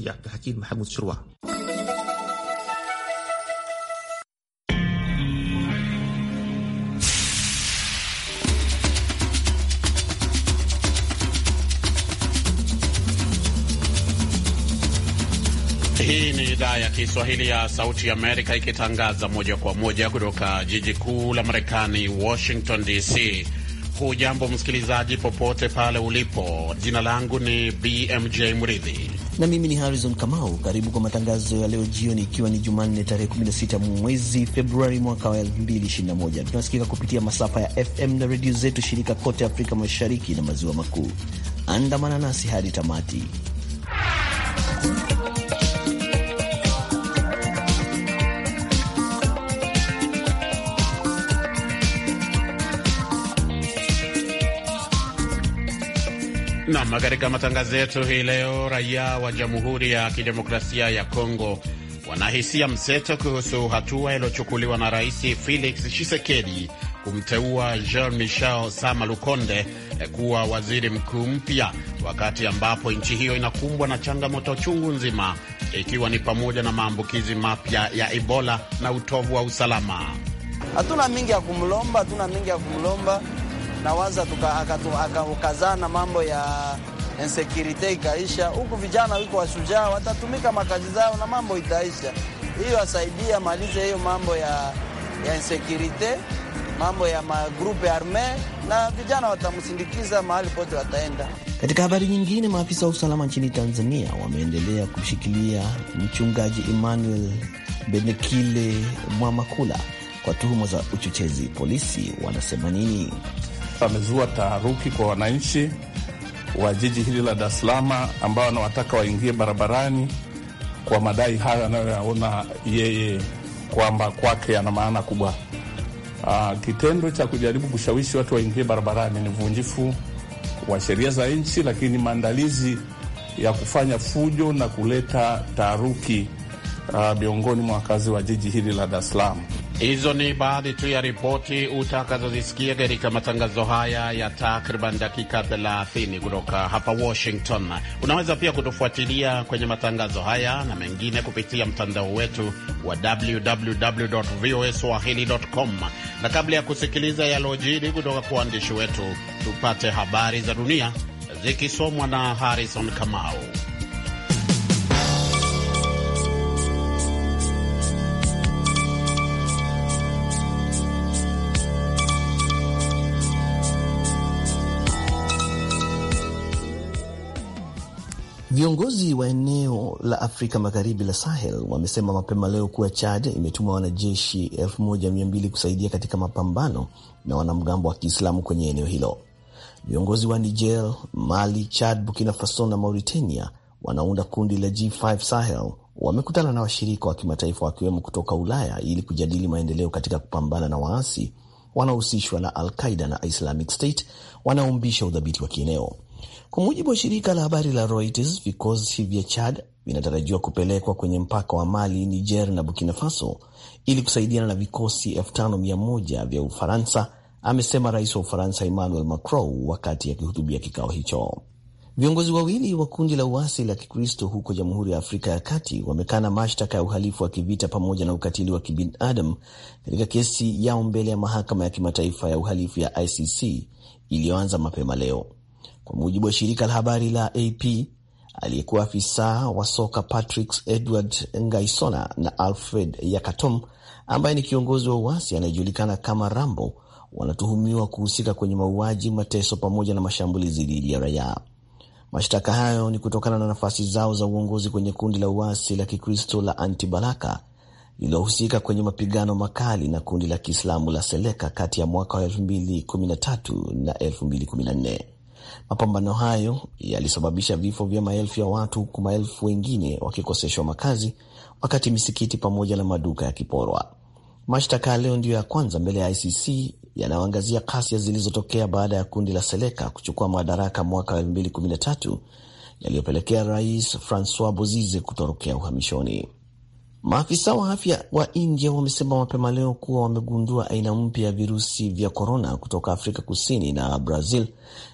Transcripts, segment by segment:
ya Abdulhakim Mahmud Hii ni idhaa ya Kiswahili ya Sauti ya Amerika ikitangaza moja kwa moja kutoka jiji kuu la Marekani, Washington DC. Hujambo msikilizaji, popote pale ulipo. Jina langu ni BMJ Mridhi na mimi ni Harrison Kamau. Karibu kwa matangazo ya leo jioni, ikiwa ni Jumanne tarehe 16 mwezi Februari mwaka wa 2021. Tunasikika kupitia masafa ya FM na redio zetu shirika kote Afrika Mashariki na Maziwa Makuu. Andamana nasi hadi tamati. Nam, katika matangazo yetu hii leo, raia wa Jamhuri ya Kidemokrasia ya Kongo wanahisia mseto kuhusu hatua iliyochukuliwa na Rais Felix Tshisekedi kumteua Jean Michel Sama Lukonde kuwa waziri mkuu mpya, wakati ambapo nchi hiyo inakumbwa na changamoto chungu nzima, ikiwa ni pamoja na maambukizi mapya ya Ebola na utovu wa usalama. Hatuna mingi ya kumlomba, hatuna mingi ya kumlomba nawaza akaukazana mambo ya insecurity ikaisha, huku vijana wiko washujaa, watatumika makazi zao na mambo itaisha. Hiyo asaidia malize hiyo mambo ya, ya insecurity, mambo ya magrupe arme, na vijana watamsindikiza mahali pote wataenda. Katika habari nyingine, maafisa wa usalama nchini Tanzania wameendelea kushikilia mchungaji Emmanuel Benekile Mwamakula kwa tuhuma za uchochezi. Polisi wanasema nini? amezua taharuki kwa wananchi wa jiji hili la Dar es Salaam ambao wanawataka waingie barabarani kwa madai hayo anayoyaona yeye kwamba kwake yana maana kubwa. Aa, ah, kitendo cha kujaribu kushawishi watu waingie barabarani ni uvunjifu wa sheria za nchi, lakini maandalizi ya kufanya fujo na kuleta taharuki ah, miongoni mwa wakazi wa jiji hili la Dar es Salaam. Hizo ni baadhi tu ya ripoti utakazozisikia katika matangazo haya ya takriban dakika 30 kutoka hapa Washington. Unaweza pia kutufuatilia kwenye matangazo haya na mengine kupitia mtandao wetu wa www voa swahili.com. Na kabla ya kusikiliza yalojiri kutoka kwa waandishi wetu, tupate habari za dunia zikisomwa na Harrison Kamau. Viongozi wa eneo la Afrika Magharibi la Sahel wamesema mapema leo kuwa Chad imetuma wanajeshi 1200 kusaidia katika mapambano na wanamgambo wa Kiislamu kwenye eneo hilo. Viongozi wa Niger, Mali, Chad, Burkina Faso na Mauritania wanaunda kundi la G5 Sahel wamekutana na washirika wa kimataifa wakiwemo kutoka Ulaya ili kujadili maendeleo katika kupambana na waasi wanaohusishwa na Al Qaida na Islamic State wanaoumbisha udhabiti wa kieneo. Kwa mujibu wa shirika la habari la Reuters, vikosi vya Chad vinatarajiwa kupelekwa kwenye mpaka wa Mali, Niger na Burkina Faso ili kusaidiana na vikosi 5100 vya Ufaransa, amesema rais wa Ufaransa Emmanuel Macron wakati akihutubia kikao hicho. Viongozi wawili wa kundi la uasi la Kikristo huko Jamhuri ya Afrika ya Kati wamekana mashtaka ya uhalifu wa kivita pamoja na ukatili wa kibinadamu katika kesi yao mbele ya mahakama ya kimataifa ya uhalifu ya ICC iliyoanza mapema leo. Kwa mujibu wa shirika la habari la AP, aliyekuwa afisa wa soka Patrick Edward Ngaisona na Alfred Yakatom ambaye ni kiongozi wa uasi anayejulikana kama Rambo wanatuhumiwa kuhusika kwenye mauaji, mateso pamoja na mashambulizi dhidi ya raia. Mashtaka hayo ni kutokana na nafasi zao za uongozi kwenye kundi la uasi la Kikristo la Antibalaka lililohusika kwenye mapigano makali na kundi la Kiislamu la Seleka kati ya mwaka wa 2013 na 2014. Mapambano hayo yalisababisha vifo vya maelfu ya watu huku maelfu wengine wakikoseshwa makazi, wakati misikiti pamoja na maduka yakiporwa. Mashtaka leo ndiyo ya kwanza mbele ya ICC yanayoangazia ghasia zilizotokea baada ya kundi la Seleka kuchukua madaraka mwaka wa 2013 yaliyopelekea rais Francois Bozize kutorokea uhamishoni. Maafisa wa afya wa India wamesema mapema leo kuwa wamegundua aina mpya ya virusi vya korona kutoka Afrika Kusini na Brazil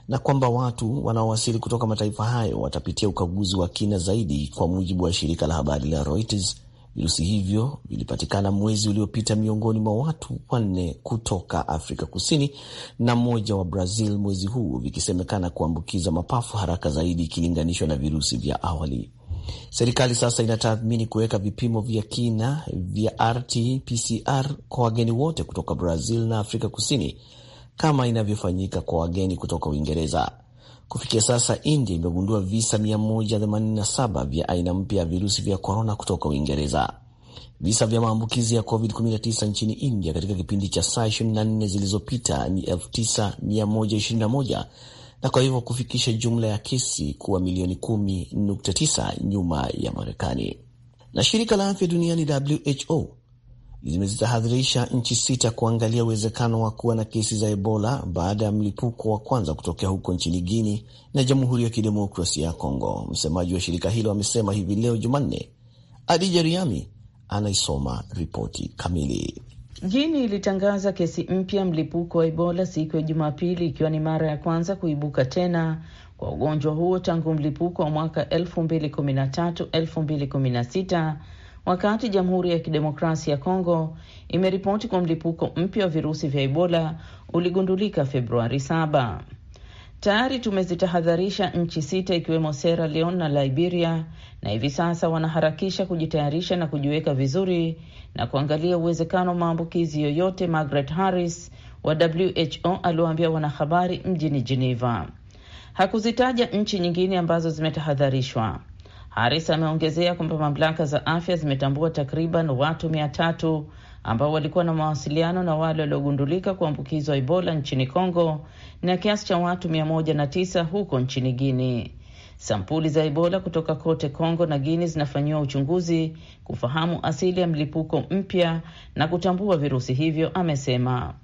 na kwamba watu wanaowasili kutoka mataifa hayo watapitia ukaguzi wa kina zaidi. Kwa mujibu wa shirika la habari la Reuters, virusi hivyo vilipatikana mwezi uliopita miongoni mwa watu wanne kutoka Afrika Kusini na mmoja wa Brazil mwezi huu, vikisemekana kuambukiza mapafu haraka zaidi ikilinganishwa na virusi vya awali. Serikali sasa inatathmini kuweka vipimo vya kina vya RT-PCR kwa wageni wote kutoka Brazil na Afrika Kusini kama inavyofanyika kwa wageni kutoka Uingereza. Kufikia sasa, India imegundua visa 187 vya aina mpya ya virusi vya korona kutoka Uingereza. Visa vya maambukizi ya COVID-19 nchini India katika kipindi cha saa 24 zilizopita ni 9121 na kwa hivyo kufikisha jumla ya kesi kuwa milioni 10.9 nyuma ya Marekani. Na shirika la afya duniani WHO zimezitahadhirisha nchi sita kuangalia uwezekano wa kuwa na kesi za Ebola baada ya mlipuko wa kwanza kutokea huko nchini Guini na Jamhuri ya Kidemokrasia ya Kongo. Msemaji wa shirika hilo amesema hivi leo Jumanne. Adija Riami anaisoma ripoti kamili. Guini ilitangaza kesi mpya mlipuko wa Ebola siku ya Jumapili, ikiwa ni mara ya kwanza kuibuka tena kwa ugonjwa huo tangu mlipuko wa mwaka 2013-2016 wakati Jamhuri ya Kidemokrasia ya Kongo imeripoti kwa mlipuko mpya wa virusi vya Ebola uligundulika Februari 7. Tayari tumezitahadharisha nchi sita ikiwemo Sierra Leone na Liberia, na hivi sasa wanaharakisha kujitayarisha na kujiweka vizuri na kuangalia uwezekano wa maambukizi yoyote, Margaret Harris wa WHO aliwaambia wanahabari mjini Geneva. Hakuzitaja nchi nyingine ambazo zimetahadharishwa. Harris ameongezea kwamba mamlaka za afya zimetambua takriban watu mia tatu ambao walikuwa na mawasiliano na wale waliogundulika kuambukizwa Ebola nchini congo na kiasi cha watu 109 huko nchini Guinea. Sampuli za Ebola kutoka kote congo na Guinea zinafanyiwa uchunguzi kufahamu asili ya mlipuko mpya na kutambua virusi hivyo, amesema.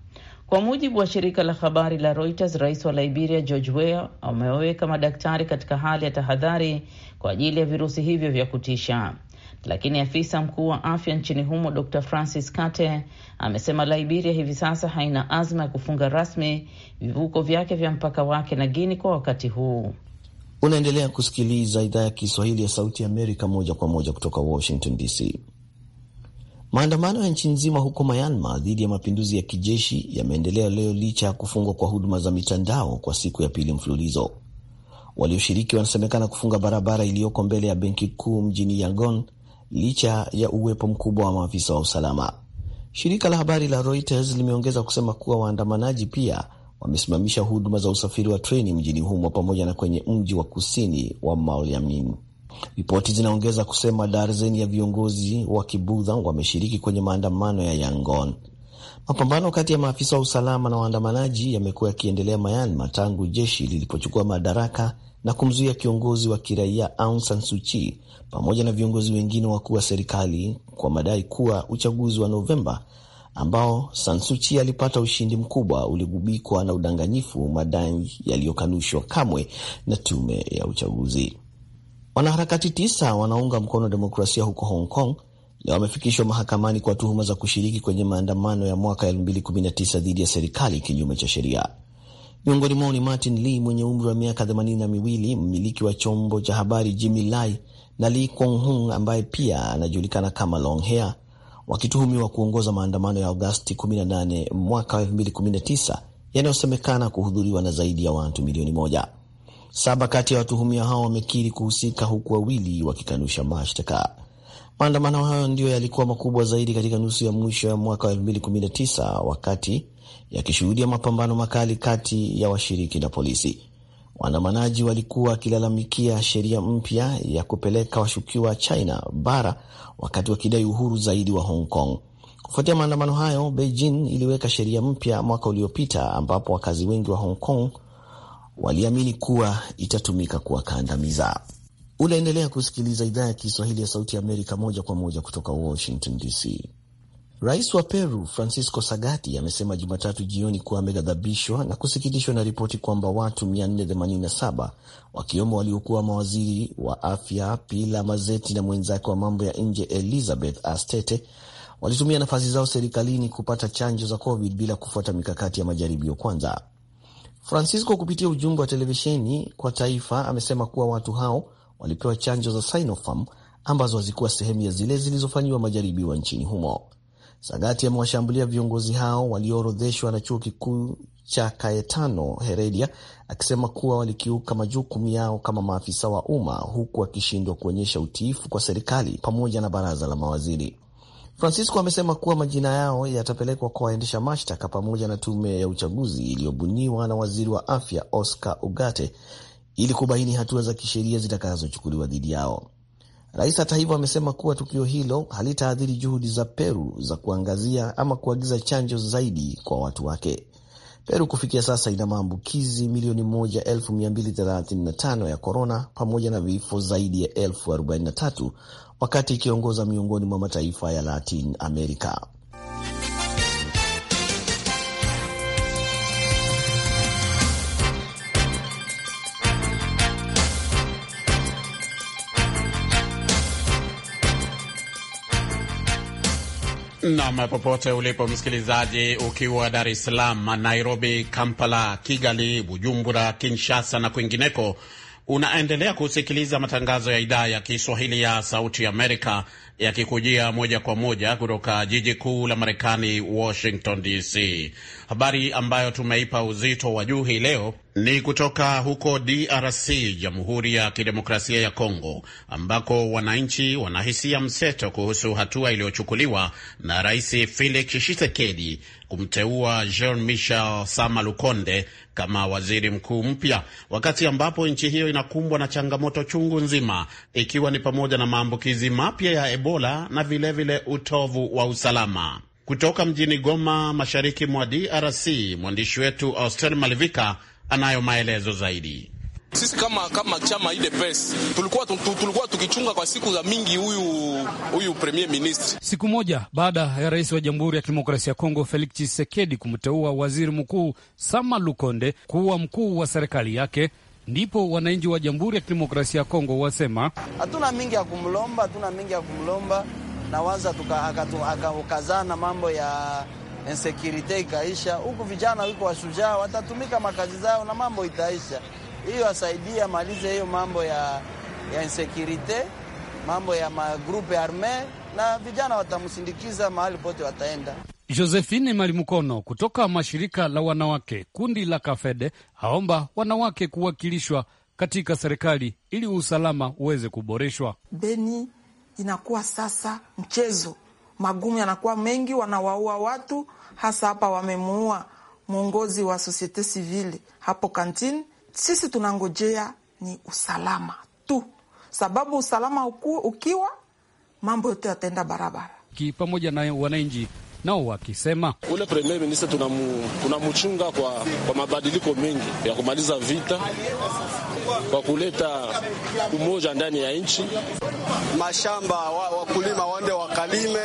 Kwa mujibu wa shirika la habari la Reuters, rais wa Liberia George Weah amewaweka madaktari katika hali ya tahadhari kwa ajili ya virusi hivyo vya kutisha lakini afisa mkuu wa afya nchini humo Dr Francis Kate amesema Liberia hivi sasa haina azma ya kufunga rasmi vivuko vyake vya mpaka wake na Guini kwa wakati huu. Unaendelea kusikiliza idhaa ya Kiswahili ya Sauti ya Amerika moja kwa moja kutoka Washington DC. Maandamano ya nchi nzima huko Myanmar dhidi ya mapinduzi ya kijeshi yameendelea leo licha ya kufungwa kwa huduma za mitandao kwa siku ya pili mfululizo. Walioshiriki wanasemekana kufunga barabara iliyoko mbele ya benki kuu mjini Yangon licha ya uwepo mkubwa wa maafisa wa usalama. Shirika la habari la Reuters limeongeza kusema kuwa waandamanaji pia wamesimamisha huduma za usafiri wa treni mjini humo pamoja na kwenye mji wa kusini wa Maoliamini. Ripoti zinaongeza kusema darzeni ya viongozi wa kibudha wameshiriki kwenye maandamano ya Yangon. Mapambano kati ya maafisa wa usalama na waandamanaji yamekuwa yakiendelea Myanmar tangu jeshi lilipochukua madaraka na kumzuia kiongozi wa kiraia Aung San Suu Kyi pamoja na viongozi wengine wakuu wa serikali kwa madai kuwa uchaguzi wa Novemba ambao San Suu Kyi alipata ushindi mkubwa uligubikwa na udanganyifu, madai yaliyokanushwa kamwe na tume ya uchaguzi. Wanaharakati tisa wanaunga mkono demokrasia huko Hong Kong leo wamefikishwa mahakamani kwa tuhuma za kushiriki kwenye maandamano ya mwaka 2019 dhidi ya serikali kinyume cha sheria. Miongoni mwao ni Martin Lee mwenye umri wa miaka themanini na miwili, mmiliki wa chombo cha habari Jimmy Lai na Lee Kwong Hung ambaye pia anajulikana kama Hair, wakituhumiwa kuongoza maandamano ya Agosti 18 mwaka 2019 yanayosemekana kuhudhuriwa na zaidi ya watu milioni moja. Saba kati ya watuhumiwa hao wamekiri kuhusika huku wawili wakikanusha mashtaka. Maandamano hayo ndiyo yalikuwa makubwa zaidi katika nusu ya mwisho ya mwaka wa 2019 wakati yakishuhudia mapambano makali kati ya washiriki na polisi. Waandamanaji walikuwa wakilalamikia sheria mpya ya kupeleka washukiwa China bara wakati wakidai uhuru zaidi wa Hong Kong. Kufuatia maandamano hayo, Beijing iliweka sheria mpya mwaka uliopita, ambapo wakazi wengi wa Hong Kong waliamini kuwa itatumika kuwakandamiza. Unaendelea kusikiliza idhaa ya Kiswahili ya Sauti ya Amerika moja kwa moja kutoka Washington DC. Rais wa Peru Francisco Sagasti amesema Jumatatu jioni kuwa ameghadhabishwa na kusikitishwa na ripoti kwamba watu 487 wakiwemo waliokuwa mawaziri wa afya Pilar mazeti na mwenzake wa mambo ya nje Elizabeth Astete walitumia nafasi zao serikalini kupata chanjo za COVID bila kufuata mikakati ya majaribio kwanza. Francisco kupitia ujumbe wa televisheni kwa taifa amesema kuwa watu hao walipewa chanjo za Sinopharm ambazo hazikuwa sehemu ya zile zilizofanyiwa majaribio nchini humo. Sagati amewashambulia viongozi hao walioorodheshwa na chuo kikuu cha kaetano Heredia akisema kuwa walikiuka majukumu yao kama maafisa wa umma huku akishindwa kuonyesha utiifu kwa serikali pamoja na baraza la mawaziri. Francisco amesema kuwa majina yao yatapelekwa kwa waendesha mashtaka pamoja na tume ya uchaguzi iliyobuniwa na waziri wa afya Oscar Ugarte ili kubaini hatua za kisheria zitakazochukuliwa dhidi yao. Rais hata hivyo amesema kuwa tukio hilo halitaadhiri juhudi za Peru za kuangazia ama kuagiza chanjo zaidi kwa watu wake. Peru kufikia sasa ina maambukizi milioni 1,235 ya korona pamoja na vifo zaidi ya 43 wakati ikiongoza miongoni mwa mataifa ya Latin Amerika. Nam, popote ulipo msikilizaji, ukiwa Dar es Salaam, Nairobi, Kampala, Kigali, Bujumbura, Kinshasa na kwingineko, unaendelea kusikiliza matangazo ya idhaa ya Kiswahili ya Sauti Amerika yakikujia moja kwa moja kutoka jiji kuu la Marekani, Washington DC. Habari ambayo tumeipa uzito wa juu hii leo ni kutoka huko DRC, Jamhuri ya Kidemokrasia ya Kongo, ambako wananchi wanahisia mseto kuhusu hatua iliyochukuliwa na Rais Felix Tshisekedi kumteua Jean Michel Sama Lukonde kama waziri mkuu mpya, wakati ambapo nchi hiyo inakumbwa na changamoto chungu nzima, ikiwa ni pamoja na maambukizi mapya ya Ebola na vilevile vile utovu wa usalama. Kutoka mjini Goma, mashariki mwa DRC, mwandishi wetu Austen Malivika anayo maelezo zaidi. Sisi kama kama chama ile pesa tulikuwa tulikuwa tukichunga kwa siku za mingi huyu huyu premier minister. Siku moja baada ya rais wa Jamhuri ya Kidemokrasia ya Kongo Felix Tshisekedi kumteua waziri mkuu Sama Lukonde kuwa mkuu wa serikali yake, ndipo wananchi wa Jamhuri ya Kidemokrasia ya Kongo wasema hatuna mingi ya kumlomba, hatuna mingi ya kumlomba na waza akaukazana mambo ya insekurite ikaisha huku, vijana wiko washujaa, watatumika makazi zao na mambo itaisha. Hiyo asaidia amalize hiyo mambo ya, ya insekurite, mambo ya magrupe arme na vijana watamsindikiza mahali pote wataenda. Josephine Malimukono kutoka mashirika la wanawake kundi la Kafede aomba wanawake kuwakilishwa katika serikali ili usalama uweze kuboreshwa. Beni inakuwa sasa mchezo, magumu yanakuwa mengi, wanawaua watu, hasa hapa wamemuua mwongozi wa societe civile hapo kantini. Sisi tunangojea ni usalama tu, sababu usalama ukiwa mambo yote yataenda barabara. Pamoja na wananchi nao wakisema ule premier ministre tunamu, tunamuchunga kwa, kwa mabadiliko mengi ya kumaliza vita kwa kuleta umoja ndani ya nchi, mashamba wakulima wa waende wakalime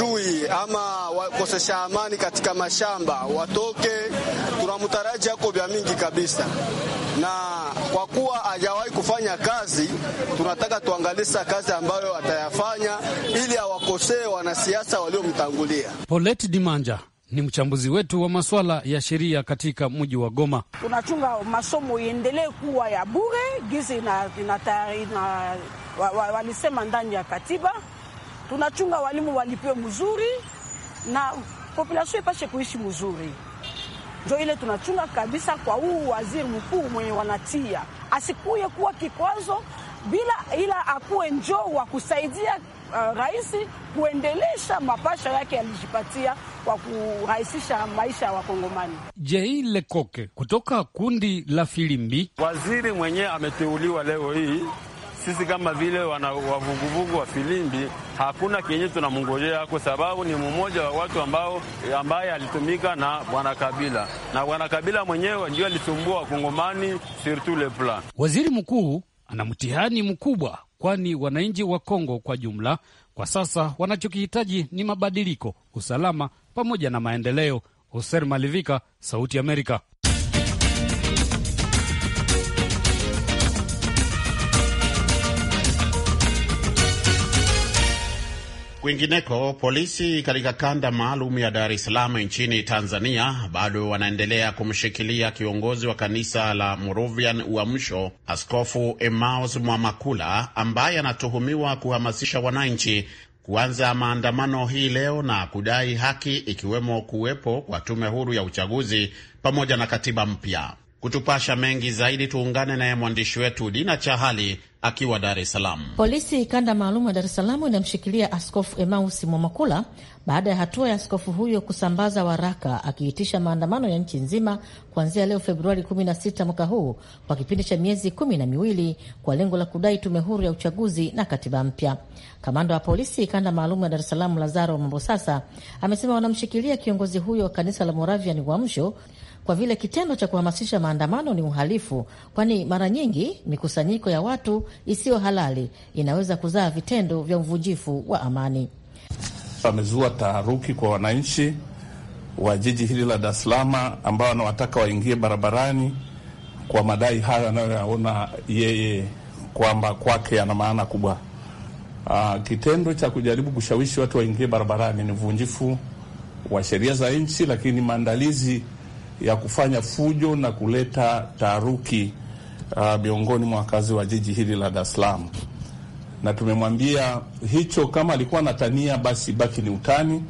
maadui ama wakosesha amani katika mashamba watoke. tunamtaraji yako vya mingi kabisa, na kwa kuwa hajawahi kufanya kazi, tunataka tuangalisa kazi ambayo atayafanya ili awakosee wanasiasa waliomtangulia. Polet Dimanja ni mchambuzi wetu wa masuala ya sheria katika mji wa Goma. Tunachunga masomo iendelee kuwa ya bure gizi na, na, na, na, walisema wa, wa ndani ya katiba tunachunga walimu walipiwe mzuri na populasion ipashe kuishi mzuri, ndio ile tunachunga kabisa. Kwa huu waziri mkuu mwenye wanatia asikuye kuwa kikwazo bila ila akuwe njo wa kusaidia uh, rais kuendelesha mapasha yake alijipatia kwa kurahisisha maisha ya Wakongomani. Jei Lekoke kutoka kundi la Filimbi, waziri mwenyewe ameteuliwa leo hii sisi kama vile wana wavuguvugu wa filimbi hakuna kenye tunamngojea, kwa sababu ni mmoja wa watu ambao ambaye alitumika na bwana Kabila, na bwana Kabila mwenyewe ndio alisumbua wakongomani surtout le plan. Waziri mkuu ana mtihani mkubwa, kwani wananchi wa Kongo kwa jumla kwa sasa wanachokihitaji ni mabadiliko, usalama pamoja na maendeleo. Hoser Malivika, Sauti Amerika. Kwingineko, polisi katika kanda maalum ya Dar es Salaam nchini Tanzania bado wanaendelea kumshikilia kiongozi wa kanisa la Moravian Uamsho, Askofu Emmaus Mwamakula ambaye anatuhumiwa kuhamasisha wananchi kuanza maandamano hii leo na kudai haki, ikiwemo kuwepo kwa tume huru ya uchaguzi pamoja na katiba mpya. Kutupasha mengi zaidi tuungane naye mwandishi wetu Dina Chahali akiwa Dar es Salaam. Polisi kanda maalum ya Dar es Salaam inamshikilia Askofu Emausi Mwamakula baada ya hatua ya askofu huyo kusambaza waraka akiitisha maandamano ya nchi nzima kuanzia leo Februari 16 mwaka huu kwa kipindi cha miezi kumi na miwili kwa lengo la kudai tume huru ya uchaguzi na katiba mpya. Kamanda wa polisi kanda maalum ya Dar es Salaam Lazaro Mambosasa amesema wanamshikilia kiongozi huyo wa kanisa la Moravian Uamsho kwa vile kitendo cha kuhamasisha maandamano ni uhalifu, kwani mara nyingi mikusanyiko ya watu isiyo halali inaweza kuzaa vitendo vya mvujifu wa amani. Amezua taharuki kwa wananchi wa jiji hili la Dar es Salaam ambao wanawataka waingie barabarani kwa madai hayo anayoyaona yeye kwamba kwake yana maana kubwa. Aa, ah, kitendo cha kujaribu kushawishi watu waingie barabarani ni uvunjifu wa sheria za nchi, lakini maandalizi ya kufanya fujo na kuleta taharuki uh, miongoni uh, mwa wakazi wa jiji hili la Dar es Salaam, na tumemwambia hicho kama alikuwa anatania basi baki ni utani.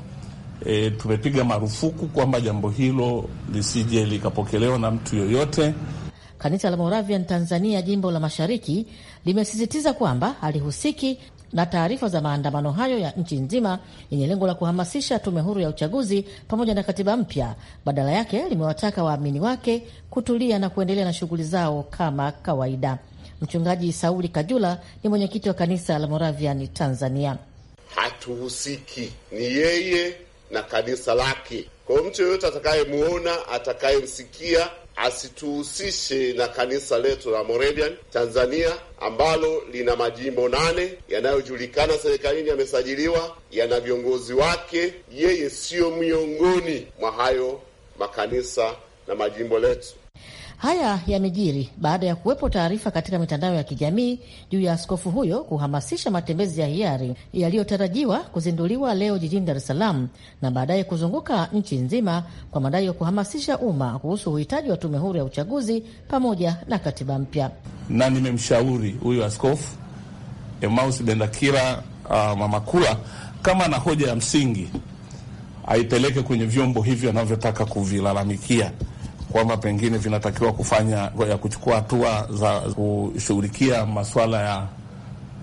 E, tumepiga marufuku kwamba jambo hilo lisije likapokelewa na mtu yoyote. Kanisa la Moravian Tanzania jimbo la Mashariki limesisitiza kwamba alihusiki na taarifa za maandamano hayo ya nchi nzima yenye lengo la kuhamasisha tume huru ya uchaguzi pamoja na katiba mpya. Badala yake limewataka waamini wake kutulia na kuendelea na shughuli zao kama kawaida. Mchungaji Sauli Kajula ni mwenyekiti wa kanisa la Moravian Tanzania. Hatuhusiki, ni yeye na kanisa lake. Kwa hiyo mtu yoyote atakayemwona atakayemsikia asituhusishe na kanisa letu la Moravian Tanzania ambalo lina majimbo nane yanayojulikana serikalini, yamesajiliwa, yana viongozi wake. Yeye siyo miongoni mwa hayo makanisa na majimbo letu. Haya yamejiri baada ya kuwepo taarifa katika mitandao ya kijamii juu ya askofu huyo kuhamasisha matembezi ya hiari yaliyotarajiwa kuzinduliwa leo jijini Dar es Salaam na baadaye kuzunguka nchi nzima kwa madai ya kuhamasisha umma kuhusu uhitaji wa tume huru ya uchaguzi pamoja na katiba mpya. Na nimemshauri huyo askofu Emmaus Bendakira uh, Mamakula kama na hoja ya msingi aipeleke kwenye vyombo hivyo anavyotaka kuvilalamikia kwamba pengine vinatakiwa kufanya ya kuchukua hatua za kushughulikia maswala ya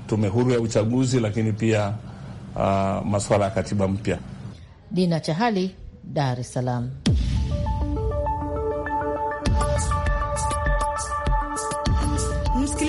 tume huru ya uchaguzi, lakini pia uh, maswala ya katiba mpya. Dina Chahali, Dar es Salaam.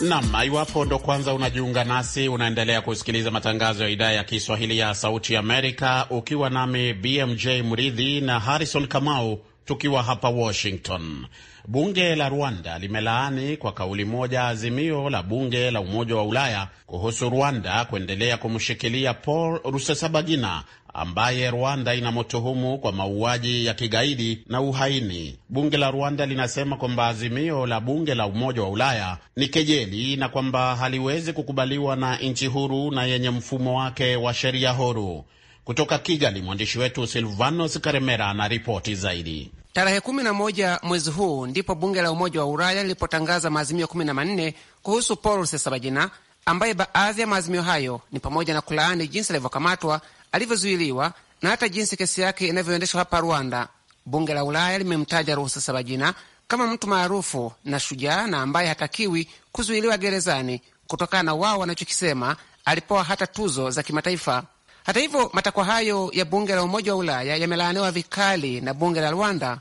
Nam, iwapo ndo kwanza unajiunga nasi, unaendelea kusikiliza matangazo ya idhaa ya Kiswahili ya Sauti Amerika ukiwa nami BMJ Mridhi na Harrison Kamau Tukiwa hapa Washington, bunge la Rwanda limelaani kwa kauli moja azimio la bunge la Umoja wa Ulaya kuhusu Rwanda kuendelea kumshikilia Paul Rusesabagina ambaye Rwanda inamotuhumu kwa mauaji ya kigaidi na uhaini. Bunge la Rwanda linasema kwamba azimio la bunge la Umoja wa Ulaya ni kejeli na kwamba haliwezi kukubaliwa na nchi huru na yenye mfumo wake wa sheria huru. Kutoka Kigali, mwandishi wetu Silvanos Karemera ripoti zaidi. Tarehe 11 mwezi huu ndipo bunge la Umoja wa Ulaya lilipotangaza maazimio 14 kuhusu Paul Rusesabagina, ambaye baadhi ya maazimio hayo ni pamoja na kulaani jinsi alivyokamatwa, alivyozuiliwa na hata jinsi kesi yake inavyoendeshwa hapa Rwanda. Bunge la Ulaya limemtaja Rusesabagina kama mtu maarufu na shujaa na ambaye hatakiwi kuzuiliwa gerezani kutokana na wao wanachokisema alipewa hata tuzo za kimataifa. Hata hivyo, matakwa hayo ya bunge la Umoja wa Ulaya yamelaaniwa vikali na bunge la Rwanda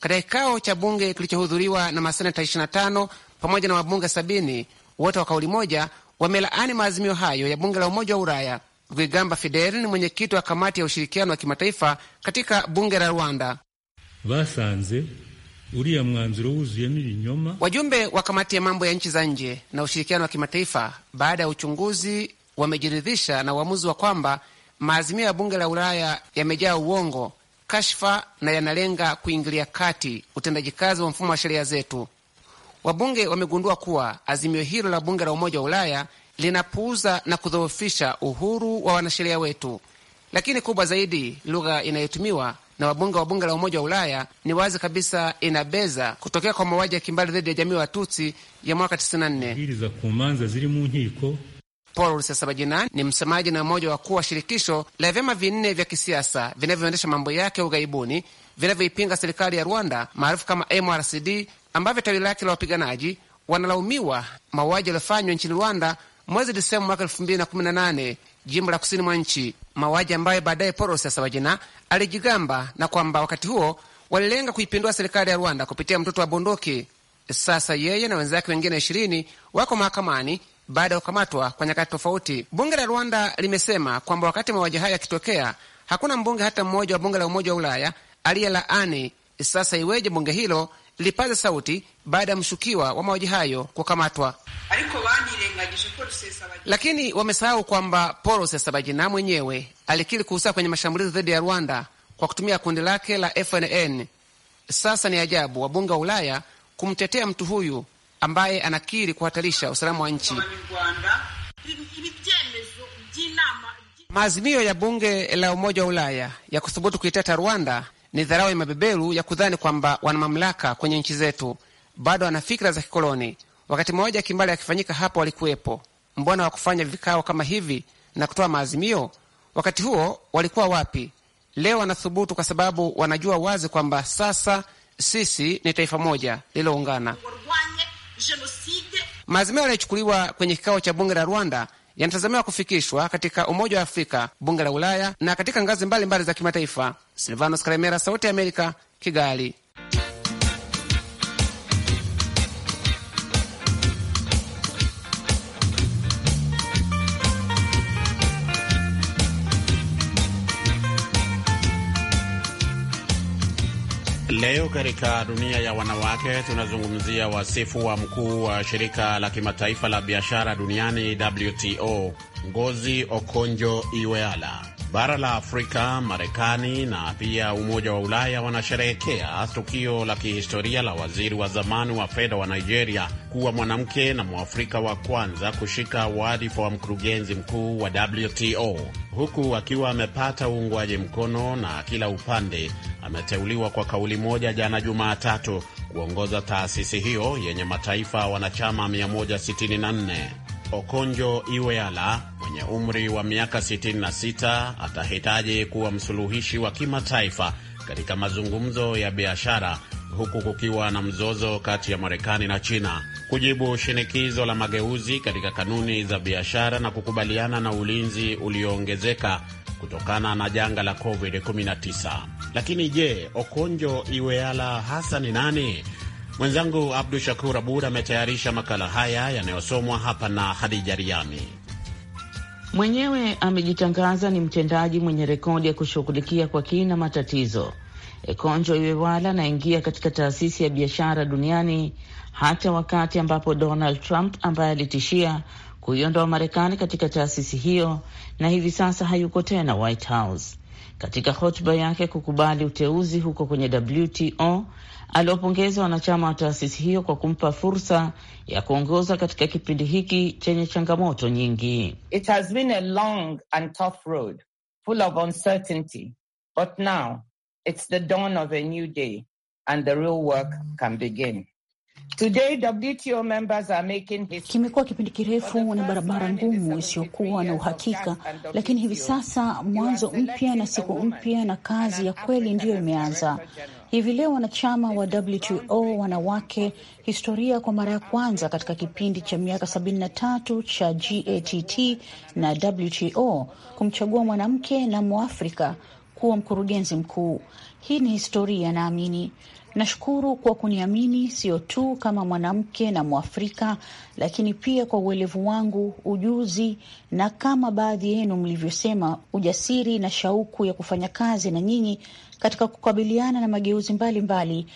katika kikao cha bunge kilichohudhuriwa na maseneta 25 pamoja na wabunge sabini, wote wa kauli moja wamelaani maazimio hayo ya bunge la Umoja wa Ulaya. Rwigamba Fidel ni mwenyekiti wa kamati ya ushirikiano wa kimataifa katika bunge la Rwanda. basanze uriya mwanzuro wuzuye ibinyoma. Wajumbe wa kamati ya mambo ya nchi za nje na ushirikiano wa kimataifa, baada ya uchunguzi, wamejiridhisha na uamuzi wa kwamba maazimio ya bunge la Ulaya yamejaa uongo, kashfa na yanalenga kuingilia kati utendaji kazi wa mfumo wa sheria zetu. Wabunge wamegundua kuwa azimio hilo la bunge la Umoja wa Ulaya linapuuza na kudhoofisha uhuru wa wanasheria wetu. Lakini kubwa zaidi, lugha inayotumiwa na wabunge wa bunge la Umoja wa Ulaya ni wazi kabisa inabeza kutokea kwa mauaji ya kimbali dhidi ya jamii ya Watutsi ya mwaka 94. Paul Rusesabagina ni msemaji na mmoja wa wakuu wa shirikisho la vyama vinne vya kisiasa vinavyoendesha mambo yake ughaibuni vinavyoipinga serikali ya Rwanda maarufu kama MRCD, ambavyo tawi lake la wapiganaji wanalaumiwa mauaji yaliyofanywa nchini Rwanda mwezi Disemba mwaka nane jimbo la kusini mwa nchi, mauaji ambayo baadaye Paul Rusesabagina alijigamba na kwamba wakati huo walilenga kuipindua serikali ya Rwanda kupitia mtoto wa bunduki. Sasa yeye na wenzake wengine ishirini wako mahakamani baada ya kukamatwa kwa nyakati tofauti. Bunge la Rwanda limesema kwamba wakati mauaji hayo yakitokea, hakuna mbunge hata mmoja wa bunge la Umoja wa Ulaya aliye laani Sasa iweje bunge hilo lipaze sauti baada ya mshukiwa wa mauaji hayo kukamatwa? Lakini wamesahau kwamba Paul Rusesabagina mwenyewe alikiri kuhusika kwenye mashambulizi dhidi ya Rwanda kwa kutumia kundi lake la FNN. Sasa ni ajabu wabunge wa Ulaya kumtetea mtu huyu ambaye anakiri kuhatarisha usalama wa nchi. Maazimio ya bunge la Umoja wa Ulaya ya kuthubutu kuiteta Rwanda ni dharau ya mabeberu ya kudhani kwamba wana mamlaka kwenye nchi zetu, bado wana fikra za kikoloni. Wakati mmoja kimbali akifanyika hapo walikuwepo, mbona wa kufanya vikao kama hivi na kutoa maazimio? Wakati huo walikuwa wapi? Leo wanathubutu kwa sababu wanajua wazi kwamba sasa sisi ni taifa moja lililoungana. Maazimio yaliyochukuliwa kwenye kikao cha bunge la Rwanda yanatazamiwa kufikishwa katika Umoja wa Afrika, bunge la Ulaya na katika ngazi mbalimbali mbali za kimataifa. Silvanos Karemera, Sauti ya Amerika, Kigali. Leo katika dunia ya wanawake tunazungumzia wasifu wa mkuu wa shirika la kimataifa la biashara duniani WTO, Ngozi Okonjo Iweala Bara la Afrika, Marekani na pia Umoja wa Ulaya wanasherehekea tukio la kihistoria la waziri wa zamani wa fedha wa Nigeria kuwa mwanamke na Mwafrika wa kwanza kushika wadhifa wa mkurugenzi mkuu wa WTO, huku akiwa amepata uungwaji mkono na kila upande. Ameteuliwa kwa kauli moja jana Jumatatu kuongoza taasisi hiyo yenye mataifa wanachama 164. Okonjo Iweala mwenye umri wa miaka 66 atahitaji kuwa msuluhishi wa kimataifa katika mazungumzo ya biashara huku kukiwa na mzozo kati ya Marekani na China, kujibu shinikizo la mageuzi katika kanuni za biashara na kukubaliana na ulinzi ulioongezeka kutokana na janga la COVID-19. Lakini je, Okonjo Iweala hasa ni nani? Mwenzangu Abdu Shakur Abud ametayarisha makala haya yanayosomwa hapa na Hadija Riami. Mwenyewe amejitangaza ni mtendaji mwenye rekodi ya kushughulikia kwa kina matatizo. Ekonjo Iweala anaingia katika taasisi ya biashara duniani hata wakati ambapo Donald Trump ambaye alitishia kuiondoa Marekani katika taasisi hiyo na hivi sasa hayuko tena White House katika hotuba yake kukubali uteuzi huko kwenye WTO aliwapongeza wanachama wa taasisi hiyo kwa kumpa fursa ya kuongoza katika kipindi hiki chenye changamoto nyingi. It has been a long and tough road, full of uncertainty, but now it's the dawn of a new day and the real work can begin. Kimekuwa kipindi kirefu na barabara ngumu isiyokuwa na uhakika, lakini hivi sasa mwanzo mpya na siku mpya na kazi ya kweli ndiyo imeanza hivi leo. Wanachama wa WTO wanawake, historia kwa mara ya kwanza katika kipindi cha miaka 73 cha GATT na WTO kumchagua mwanamke na Mwafrika kuwa mkurugenzi mkuu. Hii ni historia, naamini. Nashukuru kwa kuniamini, sio tu kama mwanamke na Mwafrika, lakini pia kwa uelevu wangu, ujuzi, na kama baadhi yenu mlivyosema, ujasiri na shauku ya kufanya kazi na nyinyi katika kukabiliana na mageuzi mbalimbali mbali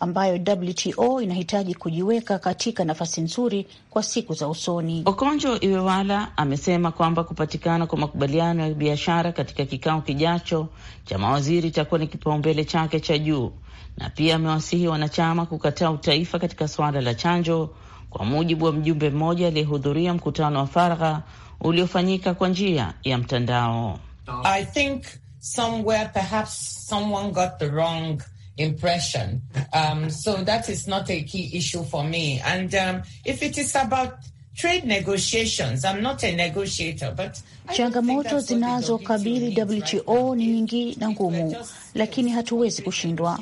ambayo WTO inahitaji kujiweka katika nafasi nzuri kwa siku za usoni. Okonjo Iweala amesema kwamba kupatikana kwa makubaliano ya biashara katika kikao kijacho cha mawaziri itakuwa ni kipaumbele chake cha juu, na pia amewasihi wanachama kukataa utaifa katika suala la chanjo, kwa mujibu wa mjumbe mmoja aliyehudhuria mkutano wa faragha uliofanyika kwa njia ya mtandao. I think somewhere perhaps someone got the wrong impression. Um, so that is not a key issue for me. And um, if it is about trade negotiations, I'm not a negotiator, but changamoto zinazokabili WTO ni nyingi na ngumu, lakini hatuwezi kushindwa.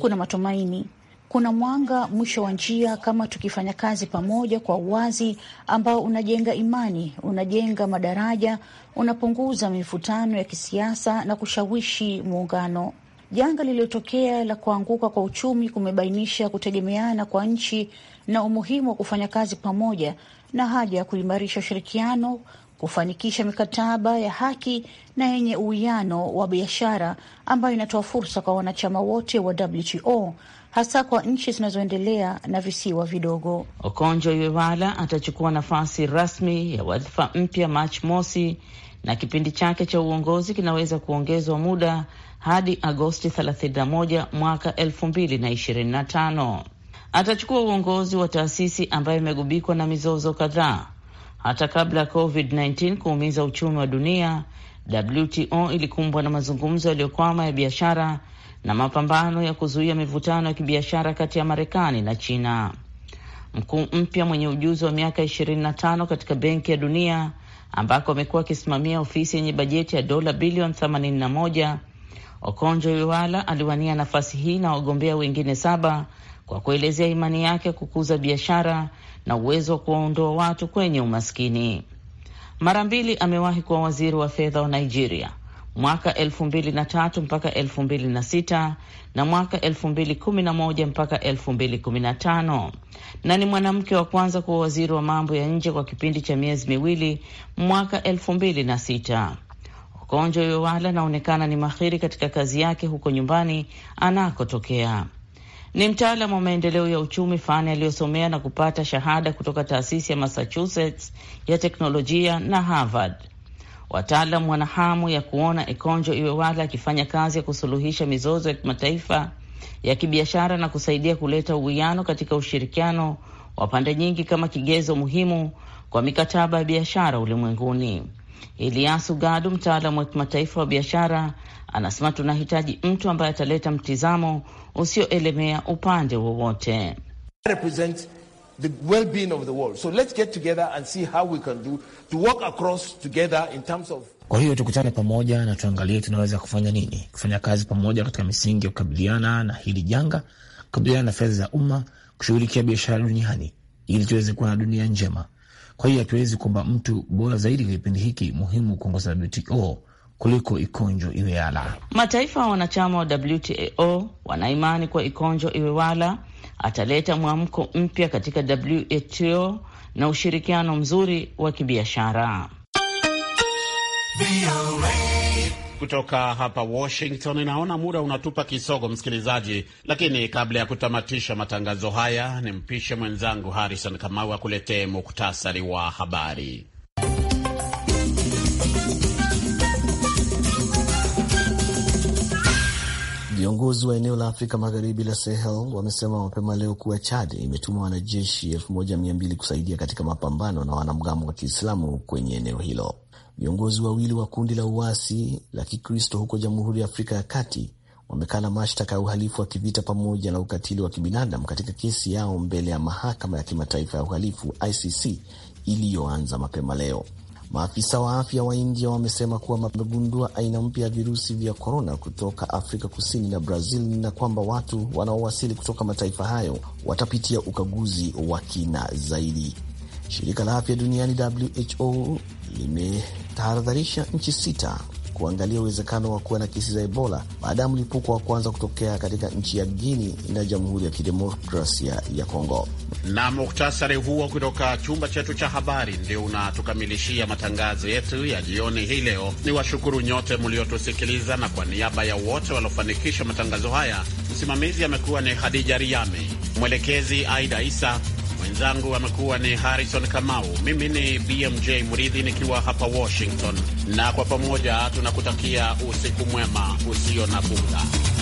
Kuna matumaini kuna mwanga mwisho wa njia, kama tukifanya kazi pamoja kwa uwazi ambao unajenga imani, unajenga madaraja, unapunguza mivutano ya kisiasa na kushawishi muungano. Janga lililotokea la kuanguka kwa uchumi kumebainisha kutegemeana kwa nchi na umuhimu wa kufanya kazi pamoja na haja ya kuimarisha ushirikiano kufanikisha mikataba ya haki na yenye uwiano wa biashara ambayo inatoa fursa kwa wanachama wote wa WTO hasa kwa nchi zinazoendelea na visiwa vidogo. Okonjo Iweala atachukua nafasi rasmi ya wadhifa mpya Machi mosi na kipindi chake cha uongozi kinaweza kuongezwa muda hadi Agosti 31 mwaka 2025. Atachukua uongozi wa taasisi ambayo imegubikwa na mizozo kadhaa hata kabla ya COVID-19 kuumiza uchumi wa dunia. WTO ilikumbwa na mazungumzo yaliyokwama ya biashara na mapambano ya kuzuia mivutano ya kibiashara kati ya Marekani na China. Mkuu mpya mwenye ujuzi wa miaka 25 katika Benki ya Dunia ambako amekuwa akisimamia ofisi yenye bajeti ya dola bilioni 81 Okonjo Iweala aliwania nafasi hii na wagombea wengine saba kwa kuelezea imani yake kukuza biashara na uwezo wa kuwaondoa watu kwenye umaskini. Mara mbili amewahi kuwa waziri wa fedha wa Nigeria mwaka elfu mbili na tatu mpaka elfu mbili na sita na mwaka elfu mbili kumi na moja mpaka elfu mbili kumi na tano na ni mwanamke wa kwanza kuwa waziri wa mambo ya nje kwa kipindi cha miezi miwili mwaka elfu mbili na sita. Okonjo Iweala anaonekana ni mahiri katika kazi yake huko nyumbani anakotokea. Ni mtaalamu wa maendeleo ya uchumi, fani aliyosomea na kupata shahada kutoka taasisi ya Massachusetts ya teknolojia na Harvard. Wataalam wana hamu ya kuona Ekonjo Iweala akifanya kazi ya kusuluhisha mizozo ya kimataifa ya kibiashara na kusaidia kuleta uwiano katika ushirikiano wa pande nyingi kama kigezo muhimu kwa mikataba ya biashara ulimwenguni. Elias Ugadu, mtaalamu wa kimataifa wa biashara, anasema tunahitaji mtu ambaye ataleta mtizamo usioelemea upande wowote. Kwa hiyo tukutane pamoja na tuangalie tunaweza kufanya nini, kufanya kazi pamoja katika misingi ya kukabiliana na hili janga, kukabiliana na fedha za umma, kushughulikia biashara duniani ili tuweze kuwa na dunia njema. Kwa hiyo hatuwezi kwamba mtu bora zaidi kwa kipindi hiki muhimu kuongoza WTO kuliko ikonjo Iweala. Mataifa wanachama wa WTO wanaimani kuwa ikonjo Iweala ataleta mwamko mpya katika WTO na ushirikiano mzuri wa kibiashara kutoka hapa Washington. Naona muda unatupa kisogo, msikilizaji, lakini kabla ya kutamatisha matangazo haya, nimpishe mwenzangu Harrison Kamau akuletee muktasari wa habari. Viongozi wa eneo la Afrika Magharibi la Sahel wamesema mapema leo kuwa Chad imetuma wanajeshi 1200 kusaidia katika mapambano na wanamgambo wa Kiislamu kwenye eneo hilo. Viongozi wawili wa kundi la uasi la Kikristo huko Jamhuri ya Afrika ya Kati wamekana mashtaka ya uhalifu wa kivita pamoja na ukatili wa kibinadamu katika kesi yao mbele ya mahakama ya kimataifa ya uhalifu ICC iliyoanza mapema leo. Maafisa wa afya wa India wamesema kuwa wamegundua aina mpya ya virusi vya korona kutoka Afrika Kusini na Brazil na kwamba watu wanaowasili kutoka mataifa hayo watapitia ukaguzi wa kina zaidi. Shirika la afya duniani WHO limetahadharisha nchi sita kuangalia uwezekano wa kuwa na kesi za Ebola baada ya mlipuko wa kwanza kutokea katika nchi ya Guini na Jamhuri ya Kidemokrasia ya Kongo. Na muktasari huo kutoka chumba chetu cha habari ndio unatukamilishia matangazo yetu ya jioni hii leo. Ni washukuru nyote mliotusikiliza, na kwa niaba ya wote waliofanikisha matangazo haya, msimamizi amekuwa ni Hadija Riami, mwelekezi Aida Isa. Mwenzangu amekuwa ni Harrison Kamau, mimi ni BMJ Mridhi nikiwa hapa Washington, na kwa pamoja tunakutakia usiku mwema usio na bughudha.